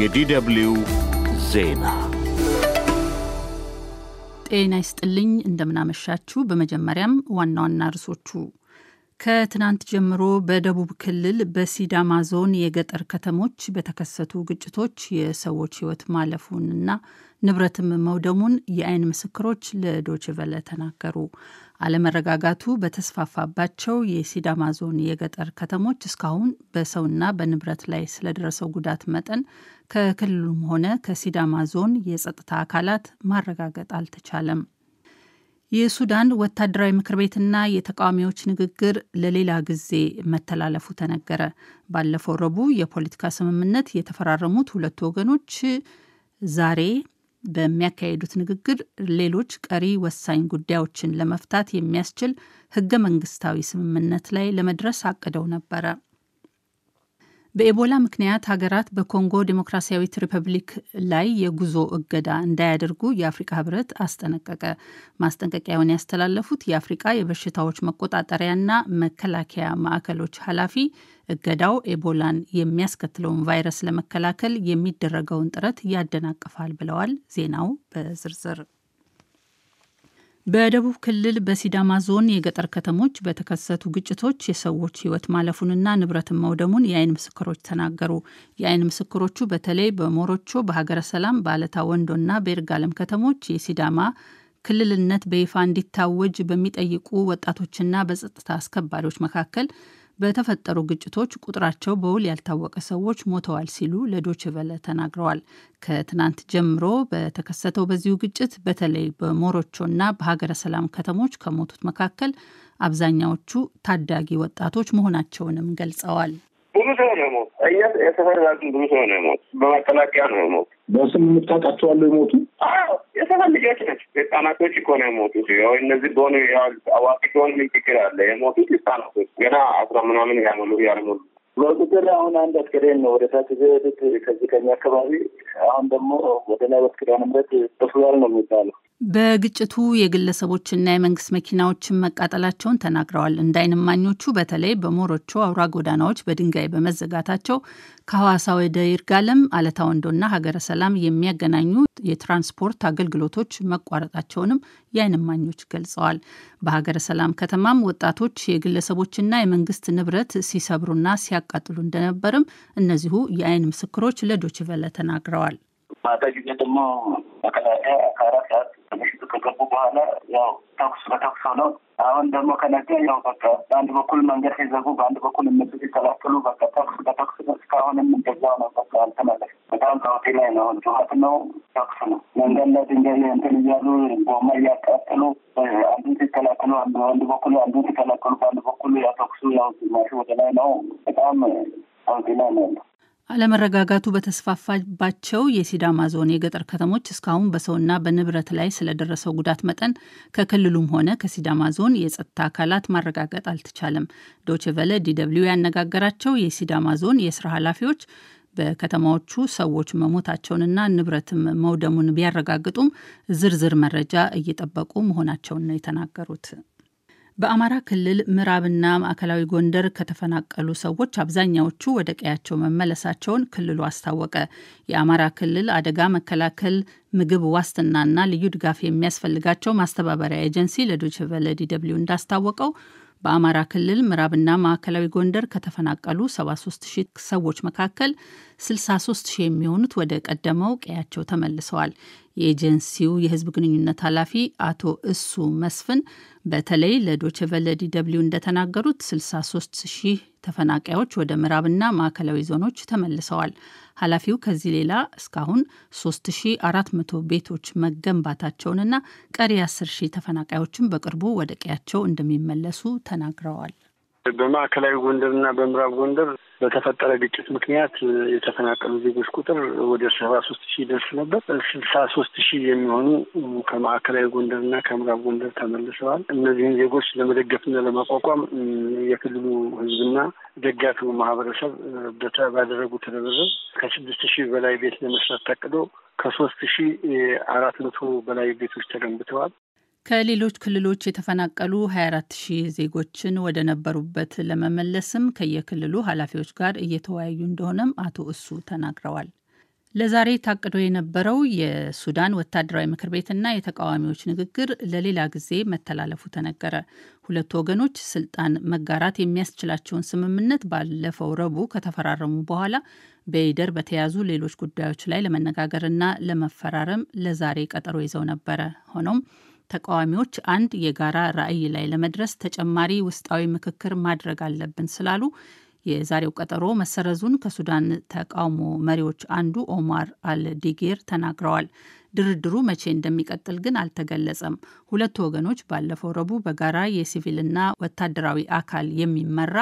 የዲደብልዩ ዜና ጤና ይስጥልኝ። እንደምናመሻችሁ። በመጀመሪያም ዋና ዋና ርዕሶቹ ከትናንት ጀምሮ በደቡብ ክልል በሲዳማ ዞን የገጠር ከተሞች በተከሰቱ ግጭቶች የሰዎች ሕይወት ማለፉንና ንብረትም መውደሙን የአይን ምስክሮች ለዶችቨለ ተናገሩ። አለመረጋጋቱ በተስፋፋባቸው የሲዳማ ዞን የገጠር ከተሞች እስካሁን በሰውና በንብረት ላይ ስለደረሰው ጉዳት መጠን ከክልሉም ሆነ ከሲዳማ ዞን የጸጥታ አካላት ማረጋገጥ አልተቻለም። የሱዳን ወታደራዊ ምክር ቤትና የተቃዋሚዎች ንግግር ለሌላ ጊዜ መተላለፉ ተነገረ። ባለፈው ረቡዕ የፖለቲካ ስምምነት የተፈራረሙት ሁለቱ ወገኖች ዛሬ በሚያካሄዱት ንግግር ሌሎች ቀሪ ወሳኝ ጉዳዮችን ለመፍታት የሚያስችል ህገ መንግስታዊ ስምምነት ላይ ለመድረስ አቅደው ነበረ። በኤቦላ ምክንያት ሀገራት በኮንጎ ዴሞክራሲያዊት ሪፐብሊክ ላይ የጉዞ እገዳ እንዳያደርጉ የአፍሪካ ህብረት አስጠነቀቀ። ማስጠንቀቂያውን ያስተላለፉት የአፍሪቃ የበሽታዎች መቆጣጠሪያና መከላከያ ማዕከሎች ኃላፊ እገዳው ኤቦላን የሚያስከትለውን ቫይረስ ለመከላከል የሚደረገውን ጥረት ያደናቅፋል ብለዋል። ዜናው በዝርዝር በደቡብ ክልል በሲዳማ ዞን የገጠር ከተሞች በተከሰቱ ግጭቶች የሰዎች ሕይወት ማለፉንና ንብረትን መውደሙን የአይን ምስክሮች ተናገሩ። የአይን ምስክሮቹ በተለይ በሞሮቾ፣ በሀገረ ሰላም፣ በአለታ ወንዶና በይርጋለም ከተሞች የሲዳማ ክልልነት በይፋ እንዲታወጅ በሚጠይቁ ወጣቶችና በጸጥታ አስከባሪዎች መካከል በተፈጠሩ ግጭቶች ቁጥራቸው በውል ያልታወቀ ሰዎች ሞተዋል ሲሉ ለዶችቨለ ተናግረዋል። ከትናንት ጀምሮ በተከሰተው በዚሁ ግጭት በተለይ በሞሮቾና በሀገረ ሰላም ከተሞች ከሞቱት መካከል አብዛኛዎቹ ታዳጊ ወጣቶች መሆናቸውንም ገልጸዋል። ብዙ ሰው ነው የሞት እኛ የሰፈር ብዙ ሰው ነው የሞት በመከላከያ ነው የሞት በስም የምታውቃቸዋለሁ የሞቱ ህጻናቶች እኮ ነው የሞቱት። እነዚህ በሆኑ አዋቂ ከሆኑ ምን ችግር አለ? የሞቱት ህጻናቶች ገና አስራ ምናምን ያመሉ ያልሞሉ በቁጥር አሁን አንድ አስከሬን ነው ወደ ታች ዘሄዱት ከዚህ ከኛ አካባቢ። አሁን ደግሞ ወደ ላይ ወስክዳን ምረት ተፍሏል ነው የሚባለው በግጭቱ የግለሰቦችና የመንግስት መኪናዎችን መቃጠላቸውን ተናግረዋል። እንዳይንማኞቹ በተለይ በሞሮቾ አውራ ጎዳናዎች በድንጋይ በመዘጋታቸው ከሐዋሳ ወደ ይርጋለም፣ አለታ ወንዶና ሀገረ ሰላም የሚያገናኙ የትራንስፖርት አገልግሎቶች መቋረጣቸውንም የአይንማኞች ገልጸዋል። በሀገረ ሰላም ከተማም ወጣቶች የግለሰቦችና የመንግስት ንብረት ሲሰብሩና ሲያቃጥሉ እንደነበርም እነዚሁ የአይን ምስክሮች ለዶችቨለ ተናግረዋል። ማታ ጊዜ ደግሞ መከላከያ ከአራት ሰዓት ከገቡ በኋላ ያው ተኩስ በተኩስ ነው። አሁን ደግሞ ከነገ ያው በቃ በአንድ በኩል መንገድ ሲዘጉ፣ በአንድ በኩል እነሱ ሲከላከሉ በቃ ተኩስ በተኩስ እስካሁንም እንደዛው ነው። በቃ አልተመለስ በጣም ቀውጢ ላይ ነው። ጩኸት ነው፣ ተኩስ ነው። መንገድ ላይ ድንጋይ እንትን እያሉ ጎማ እያቃጠሉ አንዱ ሲከላከሉ አንድ በኩል አንዱ ሲከላከሉ በአንድ በኩል ያው ተኩሱ ያው ግማሹ ወደ ላይ ነው። በጣም ቀውጢ ላይ ነው ያለው። አለመረጋጋቱ በተስፋፋባቸው የሲዳማ ዞን የገጠር ከተሞች እስካሁን በሰውና በንብረት ላይ ስለደረሰው ጉዳት መጠን ከክልሉም ሆነ ከሲዳማ ዞን የጸጥታ አካላት ማረጋገጥ አልተቻለም። ዶችቨለ ዲደብሊው ያነጋገራቸው የሲዳማ ዞን የስራ ኃላፊዎች በከተማዎቹ ሰዎች መሞታቸውንና ንብረትም መውደሙን ቢያረጋግጡም ዝርዝር መረጃ እየጠበቁ መሆናቸውን ነው የተናገሩት። በአማራ ክልል ምዕራብና ማዕከላዊ ጎንደር ከተፈናቀሉ ሰዎች አብዛኛዎቹ ወደ ቀያቸው መመለሳቸውን ክልሉ አስታወቀ። የአማራ ክልል አደጋ መከላከል ምግብ ዋስትናና ልዩ ድጋፍ የሚያስፈልጋቸው ማስተባበሪያ ኤጀንሲ ለዶችቨለ ዲ እንዳስታወቀው በአማራ ክልል ምዕራብና ማዕከላዊ ጎንደር ከተፈናቀሉ 73 ሰዎች መካከል 63 ሺህ የሚሆኑት ወደ ቀደመው ቀያቸው ተመልሰዋል። የኤጀንሲው የህዝብ ግንኙነት ኃላፊ አቶ እሱ መስፍን በተለይ ለዶችቨለ ዲ ደብልዩ እንደተናገሩት 63 ሺህ ተፈናቃዮች ወደ ምዕራብና ማዕከላዊ ዞኖች ተመልሰዋል። ኃላፊው ከዚህ ሌላ እስካሁን 3400 ቤቶች መገንባታቸውንና ቀሪ 10 ሺህ ተፈናቃዮችን በቅርቡ ወደ ቀያቸው እንደሚመለሱ ተናግረዋል። በማዕከላዊ እና በምዕራብ ጎንደር በተፈጠረ ግጭት ምክንያት የተፈናቀሉ ዜጎች ቁጥር ወደ ሰባ ሶስት ሺህ ደርስ ነበር። ስልሳ ሶስት ሺህ የሚሆኑ ከማዕከላዊ ጎንደር እና ከምዕራብ ጎንደር ተመልሰዋል። እነዚህን ዜጎች ለመደገፍና ለማቋቋም የክልሉ ሕዝብና ደጋፊው ማህበረሰብ ባደረጉት ርብርብ ከስድስት ሺህ በላይ ቤት ለመስራት ታቅዶ ከሶስት ሺህ አራት መቶ በላይ ቤቶች ተገንብተዋል። ከሌሎች ክልሎች የተፈናቀሉ 24000 ዜጎችን ወደ ነበሩበት ለመመለስም ከየክልሉ ኃላፊዎች ጋር እየተወያዩ እንደሆነም አቶ እሱ ተናግረዋል። ለዛሬ ታቅዶ የነበረው የሱዳን ወታደራዊ ምክር ቤትና የተቃዋሚዎች ንግግር ለሌላ ጊዜ መተላለፉ ተነገረ። ሁለቱ ወገኖች ስልጣን መጋራት የሚያስችላቸውን ስምምነት ባለፈው ረቡዕ ከተፈራረሙ በኋላ በኢደር በተያዙ ሌሎች ጉዳዮች ላይ ለመነጋገርና ለመፈራረም ለዛሬ ቀጠሮ ይዘው ነበረ። ሆኖም ተቃዋሚዎች አንድ የጋራ ራዕይ ላይ ለመድረስ ተጨማሪ ውስጣዊ ምክክር ማድረግ አለብን ስላሉ የዛሬው ቀጠሮ መሰረዙን ከሱዳን ተቃውሞ መሪዎች አንዱ ኦማር አልዲጌር ተናግረዋል። ድርድሩ መቼ እንደሚቀጥል ግን አልተገለጸም። ሁለቱ ወገኖች ባለፈው ረቡዕ በጋራ የሲቪልና ወታደራዊ አካል የሚመራ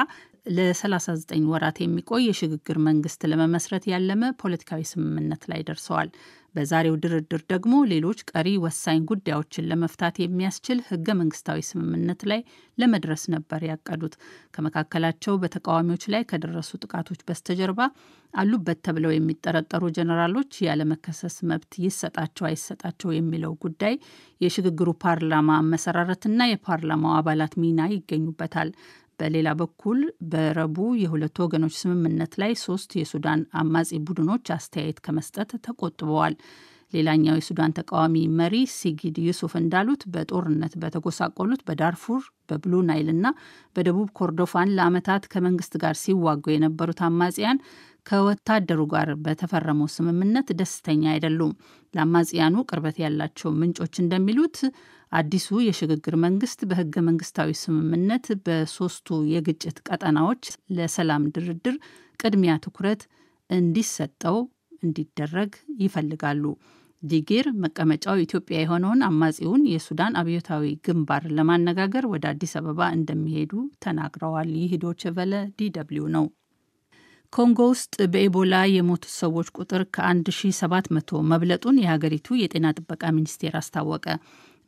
ለ39 ወራት የሚቆይ የሽግግር መንግስት ለመመስረት ያለመ ፖለቲካዊ ስምምነት ላይ ደርሰዋል። በዛሬው ድርድር ደግሞ ሌሎች ቀሪ ወሳኝ ጉዳዮችን ለመፍታት የሚያስችል ህገ መንግስታዊ ስምምነት ላይ ለመድረስ ነበር ያቀዱት። ከመካከላቸው በተቃዋሚዎች ላይ ከደረሱ ጥቃቶች በስተጀርባ አሉበት ተብለው የሚጠረጠሩ ጀኔራሎች ያለመከሰስ መብት ይሰጣቸው አይሰጣቸው የሚለው ጉዳይ፣ የሽግግሩ ፓርላማ አመሰራረትና የፓርላማው አባላት ሚና ይገኙበታል። በሌላ በኩል በረቡ የሁለቱ ወገኖች ስምምነት ላይ ሶስት የሱዳን አማጺ ቡድኖች አስተያየት ከመስጠት ተቆጥበዋል። ሌላኛው የሱዳን ተቃዋሚ መሪ ሲጊድ ዩሱፍ እንዳሉት በጦርነት በተጎሳቆሉት በዳርፉር በብሉ ናይል እና በደቡብ ኮርዶፋን ለዓመታት ከመንግስት ጋር ሲዋጉ የነበሩት አማጽያን ከወታደሩ ጋር በተፈረመው ስምምነት ደስተኛ አይደሉም። ለአማጽያኑ ቅርበት ያላቸው ምንጮች እንደሚሉት አዲሱ የሽግግር መንግስት በህገ መንግስታዊ ስምምነት በሶስቱ የግጭት ቀጠናዎች ለሰላም ድርድር ቅድሚያ ትኩረት እንዲሰጠው እንዲደረግ ይፈልጋሉ። ዲጌር መቀመጫው ኢትዮጵያ የሆነውን አማጺውን የሱዳን አብዮታዊ ግንባር ለማነጋገር ወደ አዲስ አበባ እንደሚሄዱ ተናግረዋል። ይህ ዶይቼ ቬለ ዲ ደብልዩ ነው። ኮንጎ ውስጥ በኢቦላ የሞቱ ሰዎች ቁጥር ከ1700 መብለጡን የሀገሪቱ የጤና ጥበቃ ሚኒስቴር አስታወቀ።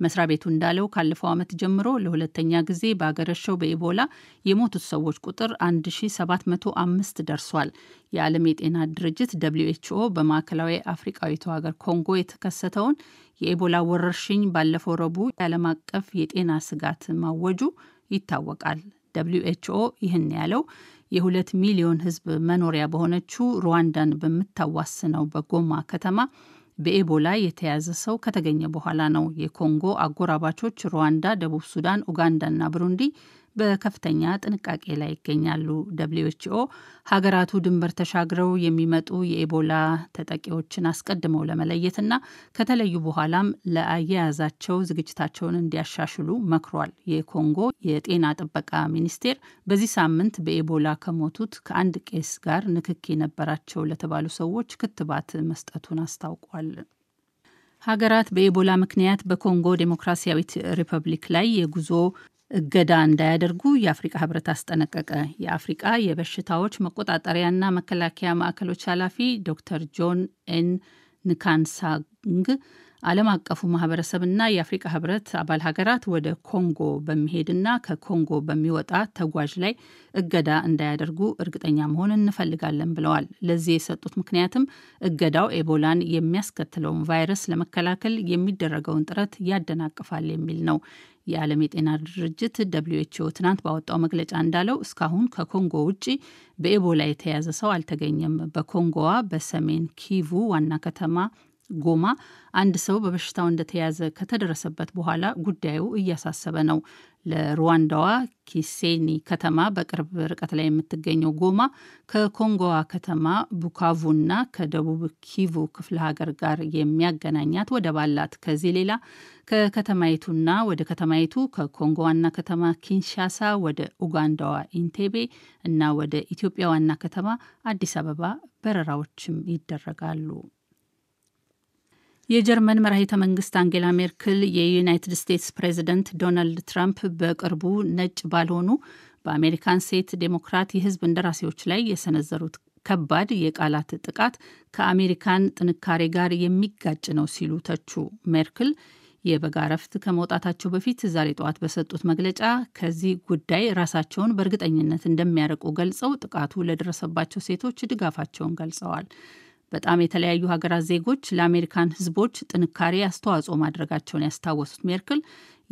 መስሪያ ቤቱ እንዳለው ካለፈው ዓመት ጀምሮ ለሁለተኛ ጊዜ በአገረሸው በኢቦላ የሞቱት ሰዎች ቁጥር 1705 ደርሷል። የዓለም የጤና ድርጅት ደብልዩ ኤችኦ በማዕከላዊ አፍሪቃዊቷ ሀገር ኮንጎ የተከሰተውን የኢቦላ ወረርሽኝ ባለፈው ረቡዕ የዓለም አቀፍ የጤና ስጋት ማወጁ ይታወቃል። ደብልዩ ኤችኦ ይህን ያለው የሁለት ሚሊዮን ህዝብ መኖሪያ በሆነችው ሩዋንዳን በምታዋስነው በጎማ ከተማ በኤቦላ የተያዘ ሰው ከተገኘ በኋላ ነው። የኮንጎ አጎራባቾች ሩዋንዳ፣ ደቡብ ሱዳን፣ ኡጋንዳና ብሩንዲ በከፍተኛ ጥንቃቄ ላይ ይገኛሉ። ደብሊውኤችኦ ሀገራቱ ድንበር ተሻግረው የሚመጡ የኢቦላ ተጠቂዎችን አስቀድመው ለመለየትና ከተለዩ በኋላም ለአያያዛቸው ዝግጅታቸውን እንዲያሻሽሉ መክሯል። የኮንጎ የጤና ጥበቃ ሚኒስቴር በዚህ ሳምንት በኢቦላ ከሞቱት ከአንድ ቄስ ጋር ንክኪ ነበራቸው ለተባሉ ሰዎች ክትባት መስጠቱን አስታውቋል። ሀገራት በኢቦላ ምክንያት በኮንጎ ዴሞክራሲያዊት ሪፐብሊክ ላይ የጉዞ እገዳ እንዳያደርጉ የአፍሪቃ ህብረት አስጠነቀቀ። የአፍሪቃ የበሽታዎች መቆጣጠሪያና መከላከያ ማዕከሎች ኃላፊ ዶክተር ጆን ኤን ንካንሳንግ ዓለም አቀፉ ማህበረሰብና የአፍሪቃ ህብረት አባል ሀገራት ወደ ኮንጎ በሚሄድና ከኮንጎ በሚወጣ ተጓዥ ላይ እገዳ እንዳያደርጉ እርግጠኛ መሆን እንፈልጋለን ብለዋል። ለዚህ የሰጡት ምክንያትም እገዳው ኤቦላን የሚያስከትለውን ቫይረስ ለመከላከል የሚደረገውን ጥረት ያደናቅፋል የሚል ነው። የዓለም የጤና ድርጅት ደብሊው ኤች ኦ ትናንት ባወጣው መግለጫ እንዳለው እስካሁን ከኮንጎ ውጪ በኤቦላ የተያዘ ሰው አልተገኘም። በኮንጎዋ በሰሜን ኪቩ ዋና ከተማ ጎማ አንድ ሰው በበሽታው እንደተያዘ ከተደረሰበት በኋላ ጉዳዩ እያሳሰበ ነው። ለሩዋንዳዋ ኪሴኒ ከተማ በቅርብ ርቀት ላይ የምትገኘው ጎማ ከኮንጎዋ ከተማ ቡካቩና ከደቡብ ኪቩ ክፍለ ሀገር ጋር የሚያገናኛት ወደብ አላት። ከዚህ ሌላ ከከተማይቱና ወደ ከተማይቱ ከኮንጎ ዋና ከተማ ኪንሻሳ ወደ ኡጋንዳዋ ኢንቴቤ እና ወደ ኢትዮጵያ ዋና ከተማ አዲስ አበባ በረራዎችም ይደረጋሉ። የጀርመን መራሂተ መንግስት አንጌላ ሜርክል የዩናይትድ ስቴትስ ፕሬዚደንት ዶናልድ ትራምፕ በቅርቡ ነጭ ባልሆኑ በአሜሪካን ሴት ዴሞክራት የህዝብ እንደራሴዎች ላይ የሰነዘሩት ከባድ የቃላት ጥቃት ከአሜሪካን ጥንካሬ ጋር የሚጋጭ ነው ሲሉ ተቹ። ሜርክል የበጋ እረፍት ከመውጣታቸው በፊት ዛሬ ጠዋት በሰጡት መግለጫ ከዚህ ጉዳይ ራሳቸውን በእርግጠኝነት እንደሚያርቁ ገልጸው ጥቃቱ ለደረሰባቸው ሴቶች ድጋፋቸውን ገልጸዋል። በጣም የተለያዩ ሀገራት ዜጎች ለአሜሪካን ህዝቦች ጥንካሬ አስተዋጽኦ ማድረጋቸውን ያስታወሱት ሜርክል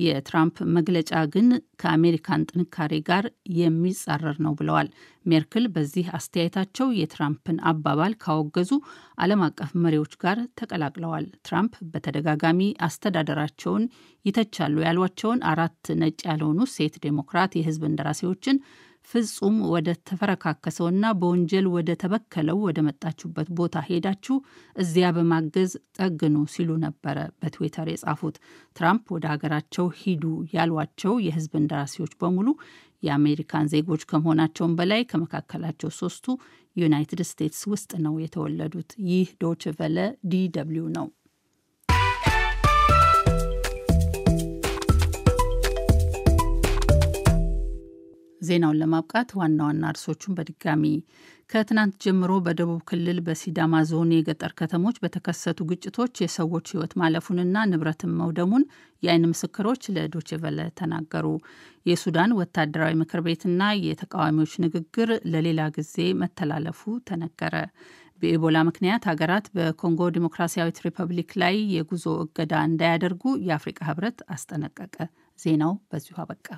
የትራምፕ መግለጫ ግን ከአሜሪካን ጥንካሬ ጋር የሚጻረር ነው ብለዋል። ሜርክል በዚህ አስተያየታቸው የትራምፕን አባባል ካወገዙ ዓለም አቀፍ መሪዎች ጋር ተቀላቅለዋል። ትራምፕ በተደጋጋሚ አስተዳደራቸውን ይተቻሉ ያሏቸውን አራት ነጭ ያልሆኑ ሴት ዴሞክራት የህዝብ እንደራሴዎችን ፍጹም ወደ ተፈረካከሰውና በወንጀል ወደ ተበከለው ወደ መጣችሁበት ቦታ ሄዳችሁ እዚያ በማገዝ ጠግኑ ሲሉ ነበረ በትዊተር የጻፉት። ትራምፕ ወደ ሀገራቸው ሂዱ ያሏቸው የህዝብ እንደራሴዎች በሙሉ የአሜሪካን ዜጎች ከመሆናቸውም በላይ ከመካከላቸው ሶስቱ ዩናይትድ ስቴትስ ውስጥ ነው የተወለዱት። ይህ ዶችቨለ ዲ ደብልዩ ነው። ዜናውን ለማብቃት ዋና ዋና እርሶቹን በድጋሚ ከትናንት ጀምሮ በደቡብ ክልል በሲዳማ ዞን የገጠር ከተሞች በተከሰቱ ግጭቶች የሰዎች ሕይወት ማለፉንና ንብረትን መውደሙን የአይን ምስክሮች ለዶችቨለ ተናገሩ። የሱዳን ወታደራዊ ምክር ቤትና የተቃዋሚዎች ንግግር ለሌላ ጊዜ መተላለፉ ተነገረ። በኢቦላ ምክንያት ሀገራት በኮንጎ ዲሞክራሲያዊት ሪፐብሊክ ላይ የጉዞ እገዳ እንዳያደርጉ የአፍሪቃ ህብረት አስጠነቀቀ። ዜናው በዚሁ አበቃ።